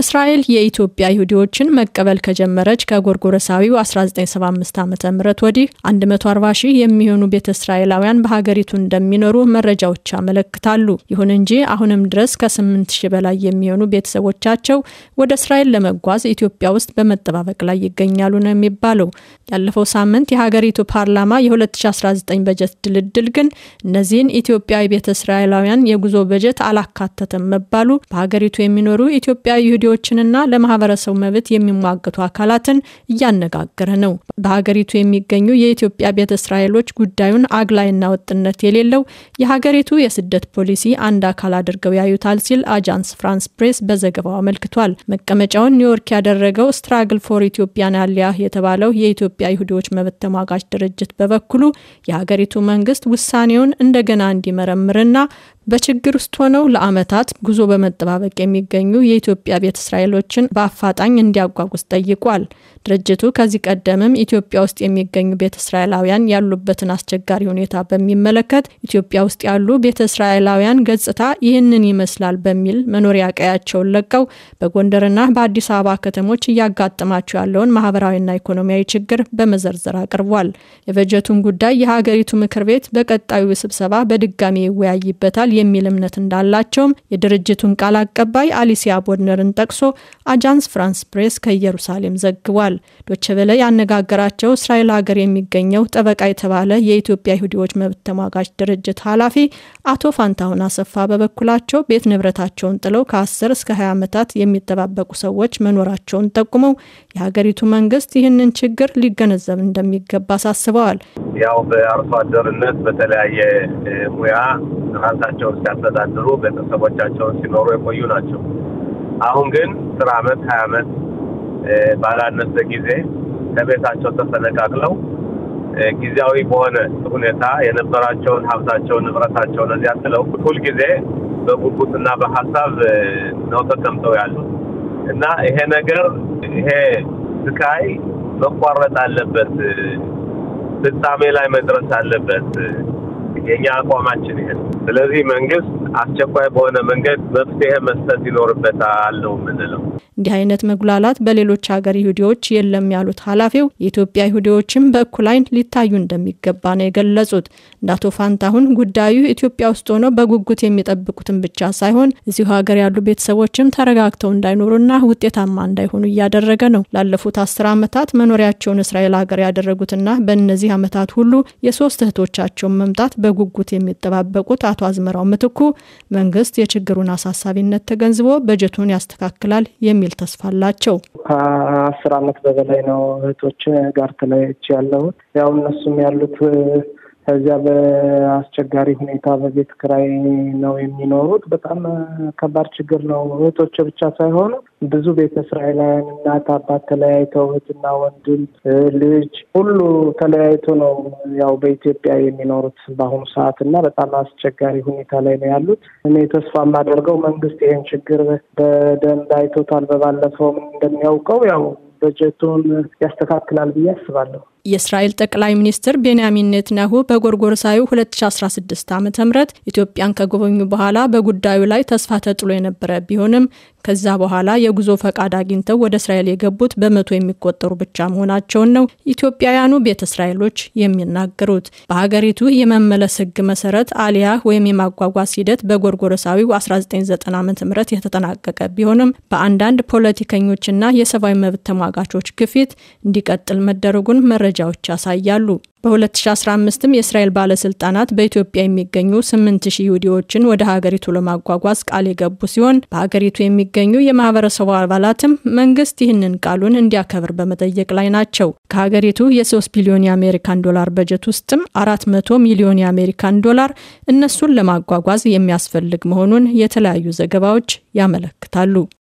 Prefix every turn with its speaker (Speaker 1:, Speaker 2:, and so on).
Speaker 1: እስራኤል የኢትዮጵያ ይሁዲዎችን መቀበል ከጀመረች ከጎርጎረሳዊው 1975 ዓ ም ወዲህ 140 ሺህ የሚሆኑ ቤተ እስራኤላውያን በሀገሪቱ እንደሚኖሩ መረጃዎች ያመለክታሉ። ይሁን እንጂ አሁንም ድረስ ከ8 ሺህ በላይ የሚሆኑ ቤተሰቦቻቸው ወደ እስራኤል ለመጓዝ ኢትዮጵያ ውስጥ በመጠባበቅ ላይ ይገኛሉ ነው የሚባለው። ያለፈው ሳምንት የሀገሪቱ ፓርላማ የ2019 በጀት ድልድል ግን እነዚህን ኢትዮጵያዊ ቤተ እስራኤላውያን የጉዞ በጀት አላካተተም መባሉ በሀገሪቱ የሚኖሩ ኢትዮጵያ መሪዎችንና ለማህበረሰቡ መብት የሚሟገቱ አካላትን እያነጋገረ ነው። በሀገሪቱ የሚገኙ የኢትዮጵያ ቤተ እስራኤሎች ጉዳዩን አግላይና ወጥነት የሌለው የሀገሪቱ የስደት ፖሊሲ አንድ አካል አድርገው ያዩታል ሲል አጃንስ ፍራንስ ፕሬስ በዘገባው አመልክቷል። መቀመጫውን ኒውዮርክ ያደረገው ስትራግል ፎር ኢትዮጵያን አሊያህ የተባለው የኢትዮጵያ ይሁዲዎች መብት ተሟጋች ድርጅት በበኩሉ የሀገሪቱ መንግስት ውሳኔውን እንደገና እንዲመረምርና በችግር ውስጥ ሆነው ለዓመታት ጉዞ በመጠባበቅ የሚገኙ የኢትዮጵያ ቤተ እስራኤሎችን በአፋጣኝ እንዲያጓጉዝ ጠይቋል። ድርጅቱ ከዚህ ቀደምም ኢትዮጵያ ውስጥ የሚገኙ ቤተ እስራኤላውያን ያሉበትን አስቸጋሪ ሁኔታ በሚመለከት ኢትዮጵያ ውስጥ ያሉ ቤተ እስራኤላውያን ገጽታ ይህንን ይመስላል በሚል መኖሪያ ቀያቸውን ለቀው በጎንደርና በአዲስ አበባ ከተሞች እያጋጠማቸው ያለውን ማህበራዊና ኢኮኖሚያዊ ችግር በመዘርዘር አቅርቧል። የበጀቱን ጉዳይ የሀገሪቱ ምክር ቤት በቀጣዩ ስብሰባ በድጋሚ ይወያይበታል ይችላል የሚል እምነት እንዳላቸውም የድርጅቱን ቃል አቀባይ አሊሲያ ቦድነርን ጠቅሶ አጃንስ ፍራንስ ፕሬስ ከኢየሩሳሌም ዘግቧል። ዶችቨለ ያነጋገራቸው እስራኤል ሀገር የሚገኘው ጠበቃ የተባለ የኢትዮጵያ ይሁዲዎች መብት ተሟጋች ድርጅት ኃላፊ አቶ ፋንታሁን አሰፋ በበኩላቸው ቤት ንብረታቸውን ጥለው ከ10 እስከ 20 ዓመታት የሚጠባበቁ ሰዎች መኖራቸውን ጠቁመው የሀገሪቱ መንግስት ይህንን ችግር ሊገነዘብ እንደሚገባ አሳስበዋል።
Speaker 2: ያው በአርሶ አደርነት በተለያየ ሙያ ራሳቸው ቤተሰቦቻቸውን ሲያስተዳድሩ ቤተሰቦቻቸውን ሲኖሩ የቆዩ ናቸው። አሁን ግን አስር አመት ሀያ አመት ባላነሰ ጊዜ ከቤታቸው ተፈነቃቅለው ጊዜያዊ በሆነ ሁኔታ የነበራቸውን ሀብታቸውን ንብረታቸውን እዚያ ጥለው ሁልጊዜ በጉጉትና በሀሳብ ነው ተቀምጠው ያሉት እና ይሄ ነገር ይሄ ስቃይ መቋረጥ አለበት፣ ፍጻሜ ላይ መድረስ አለበት። የእኛ አቋማችን ይሄ ስለዚህ መንግስት አስቸኳይ በሆነ መንገድ መፍትሄ መስጠት ይኖርበታል ነው የምንለው።
Speaker 1: እንዲህ አይነት መጉላላት በሌሎች ሀገር ይሁዲዎች የለም ያሉት ኃላፊው የኢትዮጵያ ይሁዲዎችም በእኩል አይን ሊታዩ እንደሚገባ ነው የገለጹት። እንደ አቶ ፋንታሁን ጉዳዩ ኢትዮጵያ ውስጥ ሆነው በጉጉት የሚጠብቁትን ብቻ ሳይሆን እዚሁ ሀገር ያሉ ቤተሰቦችም ተረጋግተው እንዳይኖሩና ውጤታማ እንዳይሆኑ እያደረገ ነው። ላለፉት አስር ዓመታት መኖሪያቸውን እስራኤል ሀገር ያደረጉትና በእነዚህ ዓመታት ሁሉ የሶስት እህቶቻቸውን መምጣት በጉ በጉጉት የሚጠባበቁት አቶ አዝመራው ምትኩ መንግስት የችግሩን አሳሳቢነት ተገንዝቦ በጀቱን ያስተካክላል የሚል ተስፋ አላቸው።
Speaker 3: ከአስር አመት በበላይ ነው እህቶች ጋር ተለያይቼ ያለሁት ያው እነሱም ያሉት ከዚያ በአስቸጋሪ ሁኔታ በቤት ክራይ ነው የሚኖሩት። በጣም ከባድ ችግር ነው። እህቶች ብቻ ሳይሆኑ ብዙ ቤተ እስራኤላውያን እናት አባት ተለያይተው እህትና ወንድም ልጅ ሁሉ ተለያይቶ ነው ያው በኢትዮጵያ የሚኖሩት በአሁኑ ሰዓት እና በጣም አስቸጋሪ ሁኔታ ላይ ነው ያሉት። እኔ ተስፋ የማደርገው መንግስት ይህን ችግር በደንብ አይቶታል። በባለፈውም እንደሚያውቀው ያው በጀቱን ያስተካክላል ብዬ አስባለሁ።
Speaker 1: የእስራኤል ጠቅላይ ሚኒስትር ቤንያሚን ኔትንያሁ በጎርጎርሳዊ 2016 ዓ ም ኢትዮጵያን ከጎበኙ በኋላ በጉዳዩ ላይ ተስፋ ተጥሎ የነበረ ቢሆንም ከዛ በኋላ የጉዞ ፈቃድ አግኝተው ወደ እስራኤል የገቡት በመቶ የሚቆጠሩ ብቻ መሆናቸውን ነው ኢትዮጵያውያኑ ቤተ እስራኤሎች የሚናገሩት። በሀገሪቱ የመመለስ ሕግ መሰረት አሊያ ወይም የማጓጓዝ ሂደት በጎርጎረሳዊው 1990 ዓ ም የተጠናቀቀ ቢሆንም በአንዳንድ ፖለቲከኞችና የሰብአዊ መብት ተሟጋቾች ግፊት እንዲቀጥል መደረጉን መረጃ መረጃዎች ያሳያሉ። በ2015ም የእስራኤል ባለስልጣናት በኢትዮጵያ የሚገኙ 8000 ይሁዲዎችን ወደ ሀገሪቱ ለማጓጓዝ ቃል የገቡ ሲሆን በሀገሪቱ የሚገኙ የማህበረሰቡ አባላትም መንግስት ይህንን ቃሉን እንዲያከብር በመጠየቅ ላይ ናቸው። ከሀገሪቱ የ3 ቢሊዮን የአሜሪካን ዶላር በጀት ውስጥም 400 ሚሊዮን የአሜሪካን ዶላር እነሱን ለማጓጓዝ የሚያስፈልግ መሆኑን የተለያዩ ዘገባዎች ያመለክታሉ።